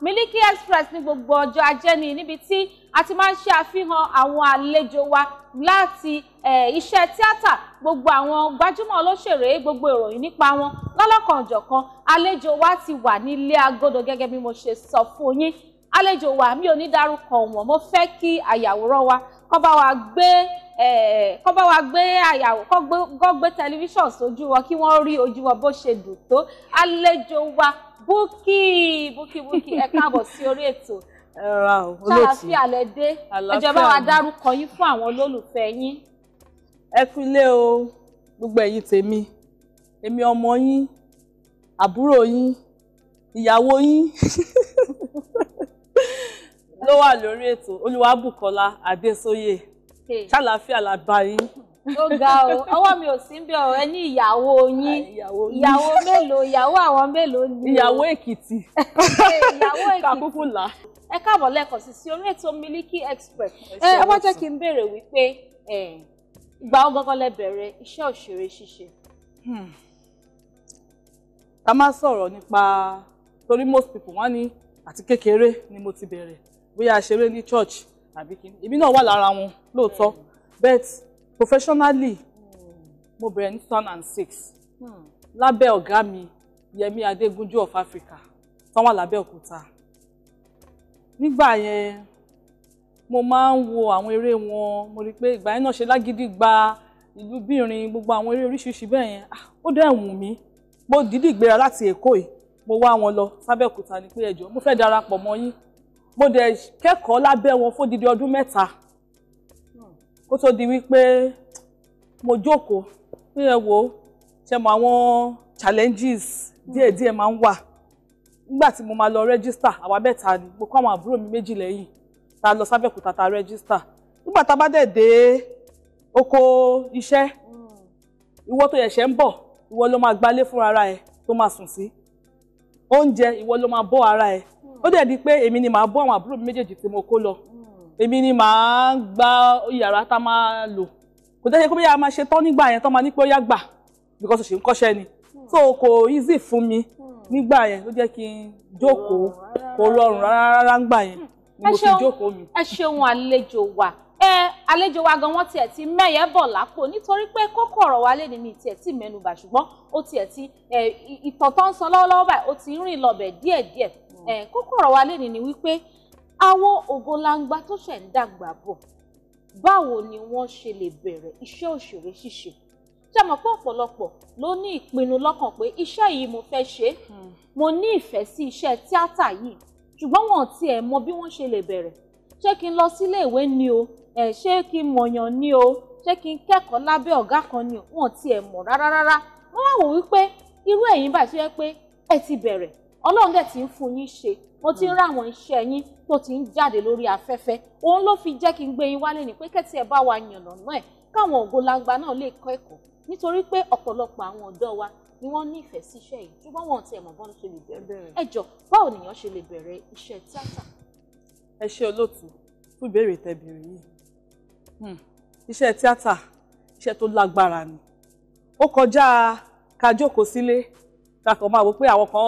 Miliki Express ní gbogbo ọjọ́ ajé ni níbi tí a ti máa ń ṣe àfihàn àwọn àlejò wa láti iṣẹ́ tíátà gbogbo àwọn gbajúmọ̀ olóṣèré gbogbo ìròyìn nípa wọn lọ́lọ́kanòjọ̀kan àlejò wa ti wà nílé agodo gẹ́gẹ́ bí mo ṣe sọ fún yín àlejò wa mi ò ní dárúkọ wọn mo fẹ́ kí àyàwòrán wa kọ́ bá wa gbé àyàwó kọ́ gbé tẹlifíṣàn sójú wọn kí wọ́n rí ojú wọn bó ṣe dùn tó àlejò wa Bukky Bukky Bukky ẹ káàbọ̀ sí orí ètò ṣáàfin àlẹ́ dé ẹjọ́ bá wa dárúkọ yín fún àwọn olólùfẹ́ yín. ẹ kú ilé o gbogbo ẹ̀yin tèmi èmi ọmọ yín àbúrò yín ìyàwó yín ló wà lórí ètò Olúwabùkọ́lá Adésóyè ṣàlàáfíà làbá yín ó ga o ọwọ́ mi ò sí ń bẹ̀ ọ ẹ ní ah, ìyàwó yín ìyàwó mélòó ìyàwó àwọn mélòó ni ìyàwó èkìtì eh, ìyàwó èkìtì kàkúkú là ẹ káàbọ̀ lẹ́ẹ̀kan sí sí orí ètò Miliki Express ẹ eh, ẹ wá jẹ́ kí n béèrè wípé eh, ìgbà ó gángan lẹ bẹ̀rẹ̀ iṣẹ́ òṣèré ṣíṣe. Hmm. ká má sọ̀rọ̀ nípa torí most people wọ́n ní àti kékeré ni mo ti bẹ̀rẹ̀ bóyá a ṣeré ní church àbí kí ibi náà wà lára wọn lóòótọ́ hmm. bẹ́ẹ̀ professionally mo bẹ̀rẹ̀ ní two thousand and six hmm. lábẹ́ ọ̀gá mi Yẹmi Adégúnjú of Africa tán wà lábẹ́ òkúta nígbà yẹn mo máa ń wo àwọn eré wọn mo rí i pé ìgbà yẹn náà ṣe lágídí gba ìlú bìrin gbogbo àwọn eré oríṣiríṣi bẹ́ẹ̀ yẹn ah, ó dẹ̀ wù mí mo dídì gbéra láti èkó yìí mo wá wọn lọ sábẹ́òkúta ni pé ẹ̀jọ̀ mo fẹ́ darapọ̀ mọ́ yín mo dẹ̀ kẹ́kọ̀ọ́ lábẹ́ wọn fódidi ọdún mẹ́ta kó tó di wípé mo jókòó ní ẹ wo ṣe mọ àwọn challenges díẹ̀díẹ̀ máa ń wà nígbà tí mo máa lọ rẹ́gísítà àwa mẹ́ta ni mo kọ́ àwọn àbúrò mi méjì lẹ́yìn ta lọ sábẹ́kúta ta rẹ́gísítà nígbà tá a bá dẹ̀ dé oko iṣẹ́ ìwọ tó yẹ̀ṣẹ̀ ń bọ̀ ìwọ ló máa gbálé fún ara ẹ tó máa sùn sí oúnjẹ ìwọ ló máa bọ́ ara ẹ ó dẹ̀ di pé èmi ni màá bọ́ àwọn àbúrò mi méjèèjì tí mo kó lọ èmi ni màá gba yàrá tá a máa lò kò tẹ́lẹ̀ kó bí a máa ṣe tán nígbà yẹn tán máa ní pé ó yá gbà because òṣèlú kọ́ṣẹ́ ni hmm. so kò easy fún mi hmm. nígbà yẹn ló jẹ́ kí n jókòó hmm. kò rọrùn rárá rárá ńgbà yẹn ni mo fi jókòó mi. ẹ ṣeun àlejò wa ẹ àlejò wa gan wọn tiẹ̀ ti mẹ́yẹ̀ bọ̀ lápò nítorí pé kókó ọ̀rọ̀ wa lè mi tiẹ̀ ti mẹ́nubà ṣùgbọ́n ó tiẹ̀ ti ìtàn ń san lọ́wọ́lọ́wọ́ báyìí ó ti ń rìn lọ́bẹ̀ díẹ̀díẹ̀ kókó ọ̀rọ̀ wa lè ni wípé àwọn ògolangba tó ṣẹ̀ ń dàgbà bọ̀ báwo ni wọ́n ṣe lè bẹ̀rẹ̀ iṣẹ́ òṣèré ṣíṣe ṣe mọ̀ pé ọ̀pọ̀lọpọ̀ ló ní ìpinnu lọ́kàn pé iṣẹ́ yìí mo fẹ́ ṣe hmm. mo ní ìfẹ́ sí iṣẹ́ tíátà yìí ṣùgbọ́n wọn ò tiẹ̀ mọ bí wọ́n ṣe lè bẹ̀rẹ̀ ṣé kí n lọ sílé ìwé ni o ẹ̀ ṣé kí n mọ̀yàn ni o ṣé kí n kẹ́kọ̀ọ́ lábẹ́ ọ̀gá kan ni o wọn ò tiẹ̀ mọ̀ rárá rárá wọ́n wá wò wípé irú ẹ̀yin bá ṣe yẹ pé ẹ ti bẹ̀rẹ̀ ọlọ́run dẹ̀ ti ń fún yín ṣe mo ti ń hmm. ráwọn iṣẹ́ yín tó ti ń jáde lórí afẹ́fẹ́ òun ló fi jẹ́ kí n gbé yín wálé ní pé kẹ́tì ẹ̀ bá wa yànnà náà ẹ̀ káwọn ògo langba náà lè kọ́ ẹ̀kọ́ nítorí pé ọ̀pọ̀lọpọ̀ àwọn ọ̀dọ́ wa ni wọ́n nífẹ̀ẹ́ síṣẹ́ yìí ṣùgbọ́n wọn ti ẹ̀mọ̀ bọ́n ṣe lè bẹ̀rẹ̀ ẹ báwo nìyàn ṣe lè bẹ̀rẹ̀ iṣẹ́ tíátà. ẹ ṣe olóòtú fún ìbéèrè tẹbìrì yìí hmm, iṣẹ́ tíátà iṣẹ́ tó lágbára ni ó kọjá ká sílé kakọ̀ máa wò pé àwọn kan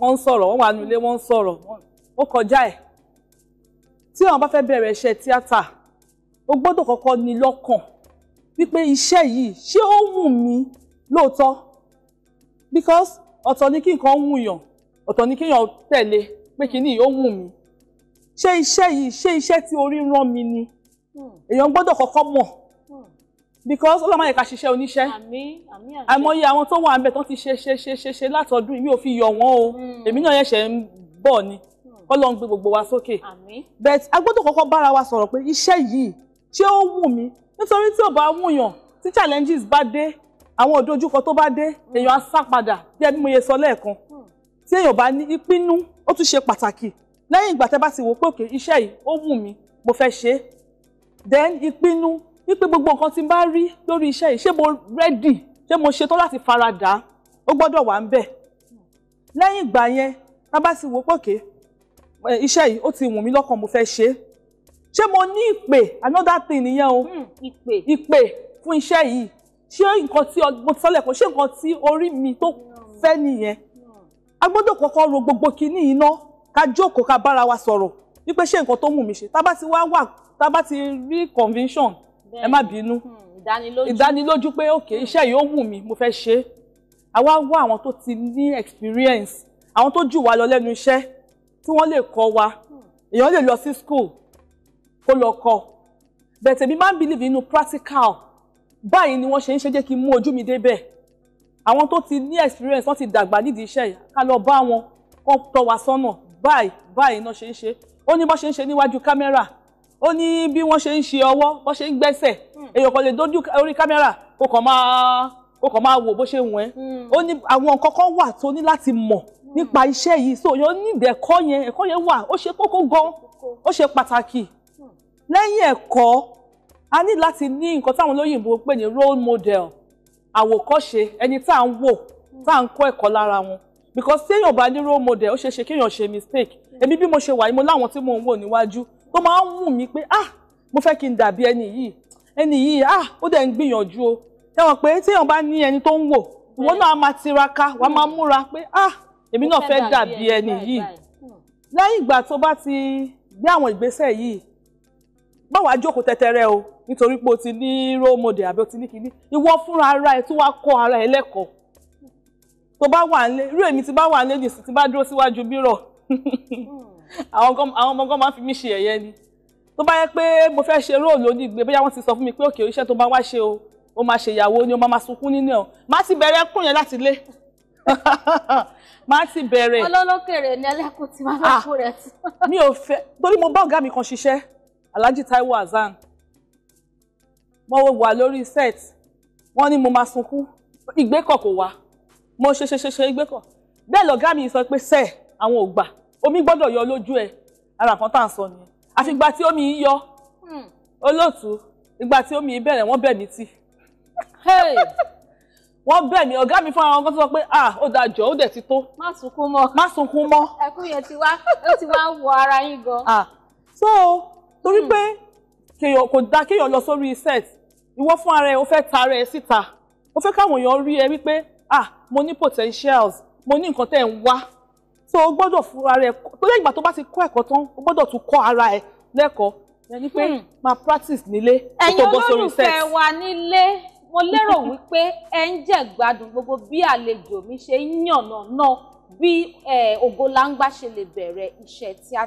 wọ́n ń sọ̀rọ̀ wọ́n wà nílé wọ́n ń sọ̀rọ̀ ó kọjá ẹ̀ tí àwọn bá fẹ́ bẹ̀rẹ̀ iṣẹ́ tíátà ó gbọ́dọ̀ kọ́kọ́ ní lọ́kàn wípé iṣẹ́ yìí ṣé ó wù mí lóòótọ́ because ọ̀tọ̀ ni kí nǹkan wù yàn ọ̀tọ̀ ni kéèyàn tẹ̀lé pé kíní yìí ó wù mí ṣé iṣẹ́ yìí ṣé iṣẹ́ tí orí rán mi ni hmm. èèyàn gbọ́dọ̀ kọ́kọ́ mọ̀ because ọlọ́mọ yẹn ká ṣiṣẹ́ oníṣẹ́ àìmọye àwọn tó wà ńbẹ̀ tó ti ṣe ṣe ṣe ṣe ṣe látọdún yìí mi ò fi yọ wọn o hmm. èmi náà yẹn ṣe ń bọ̀ ni hmm. Ọlọ́run gbé gbogbo wa sókè but a gbọ́dọ̀ kọ́kọ́ bára wa sọ̀rọ̀ pé iṣẹ́ yìí ṣé ó wù mí nítorí tí ò bá wùyàn tí challenges bá dé àwọn òdojúkọ tó bá dé hmm. èèyàn á sá padà bí ẹbí mo yẹ sọ lẹ́ẹ̀kan tí èèyàn bá ní ìpinnu ó tún ṣe pàtàkì lẹ́yìn ìgbà tẹ́ bá ti wò pé òkè iṣẹ́ yìí ó wù mí mo fẹ́ ṣe then ìpinnu wípé gbogbo nǹkan tí n bá rí lórí iṣẹ́ yìí ṣé mo rẹ́dì ṣé mo ṣetán láti faradà ó gbọ́dọ̀ wà ń bẹ̀ lẹ́yìn ìgbà yẹn tá bá ti wò pòkè iṣẹ́ yìí ó ti wù mí lọ́kàn mo fẹ́ ṣe é ṣé mo ní ìpè another thing nìyẹn o hmm, ìpè ìpè fún iṣẹ́ yìí ṣé nǹkan tí mo ti sọ́lẹ̀ kan ṣé nǹkan tí orí mi tó fẹ́ nìyẹn a gbọ́dọ̀ kọ́kọ́ ro gbogbo kinní yìí ná ká jókòó ká bára wa sọ̀rọ̀ wípé ṣé nǹkan tó mú mi ṣe tá bá ti wá wà tá bá ti rí convention ẹ má bínú hmm, ìdánilójú pé òkè hmm. iṣẹ́ yìí ó wù mí mo fẹ́ ṣe é àwa wá àwọn tó ti ní experience àwọn tó jù wá lọ lẹ́nu iṣẹ́ tí wọ́n lè kọ́ wa hmm. èèyàn lè lọ sí school kó lọ kọ́ bẹ̀tẹ̀ mi máa ń believe nínú practical báyìí ni wọ́n ṣe ń ṣe jẹ́ kí n mú ojú mi débẹ̀ àwọn tó ti ní experience wọ́n ti dàgbà nídìí iṣẹ́ yìí ká lọ bá wọn kó tọ́ wa sọ́nà báyìí báyìí náà ṣe ń ṣe ó ní bó ṣe ń ṣe níwájú kámẹ́rà ó ní bí wọ́n ṣe ń ṣe ọwọ́ bó ṣe ń gbẹ́sẹ̀ hmm. èèyàn kan lè dójú orí kámẹ́rà kó kàn máa kó kàn máa wò bó ṣe wù ẹ́ hmm. ó ní àwọn nǹkan kan wà tó ní láti mọ̀ hmm. nípa iṣẹ́ yìí so èèyàn níbi ẹ̀kọ́ yẹn ẹ̀kọ́ yẹn wà ó ṣe kókó gan ó ṣe pàtàkì lẹ́yìn ẹ̀kọ́ a ní láti ní nǹkan táwọn olóyìnbó pè ní role model àwòkọ́ṣe ẹni tá à ń wò tá à ń kọ́ ẹ̀kọ́ lára wọn because téèyàn bá ní role model ó ṣeé ṣe kéèyàn ṣe mistake èmi bí mo ṣe wà yìí mo láwọn tí mò ń wò níwájú tó máa ń wù mí pé ah mo fẹ́ kí n dàbí ẹni yìí ẹni yìí ah ó dẹ̀ ń gbìyànjú o ẹ mọ̀ pé téèyàn bá ní ẹni tó ń wò ìwọ náà máa tiraka wàá máa hmm. múra pé ah èmi náà fẹ́ dàbí ẹni yìí lẹ́yìn ìgbà tó bá ti gbé àwọn ìgbésẹ̀ yìí bá wàá tẹ́tẹ́rẹ́ o nítorí pé o ti ní role model àbí o ti ní kinní ìwọ fúnra ara ẹ tó wá kọ́ ara ẹ lẹ́kọ̀ọ́ tó bá wà nílé irú èmi ti bá wà nílé nìsí ti bá dúró síwájú bírọ̀ hmm àwọn ọmọ gan máa ń fi mí ṣe ẹ̀yẹ ni tó bá yẹ pé mo fẹ́ ṣe róòlù onígbé bóyá wọ́n ti sọ fún mi pé òkè iṣẹ́ tó bá wá ṣe o ó máa ṣe ìyàwó ni ó máa sunkún nínú ẹ̀ má ti bẹ̀rẹ̀ kùn yẹn láti lé má ti bẹ̀rẹ̀. ọlọ́lọ́kẹ̀rẹ̀ ni ẹlẹ́kùn ti máa fẹ́ ah, kú rẹ̀ tí. mi ò fẹ́ torí mo bá ọ̀gá mi kan ṣiṣẹ́ Alhaji Taiwo Hasan mo wà lórí set wọ́n ní mo máa sunkún ìgbékọ̀ kò wá mo ṣe ṣe ṣe ṣe ìgbékọ̀ bẹ́ẹ̀ lọ̀gá mi sọ pé sẹ́ẹ̀ àwọn ò gbà omi gbọ́dọ̀ yọ lójú ẹ ara kan tá à ń sọ nìyẹn àfi ìgbà tí omi yọ hmm. olóòtú ìgbà tí omi bẹ̀rẹ̀ wọ́n bẹ̀ mí tì wọ́n bẹ̀ mí ọ̀gá mi fúnra wọn kan sọ pé ah ó da jọ ó dẹ̀ ti tó. má sunkún mọ́ má sunkún mọ́. ẹkún yẹn ti wá ó ti wá wọ ara yín gan. ah so torí hmm. pé kéèyàn kò dáa kéèyàn lọ sórí set ìwọ fún ara ẹ o fẹ́ ta ara ẹ síta o fẹ́ káwọn èèyàn rí ẹ wípé ah mo ní potentials mo ní nǹkan tẹ́ ń wá so o gbọ́dọ̀ fúnra rẹ pé ìgbà tó bá ti kọ́ ẹ̀kọ́ tán o gbọ́dọ̀ tún kọ́ ara ẹ lẹ́kọ̀ọ́ ẹni pé hmm. máa practice nílé tó bọ́ sórí set. ẹ̀yin olólùfẹ́ wa nílé mo lérò wípé ẹ ń jẹ gbádùn gbogbo bí àlejò mi ṣe ń yànnà náà bí eh, ògo langba ṣe lè bẹ̀rẹ̀ iṣẹ́ tíátà.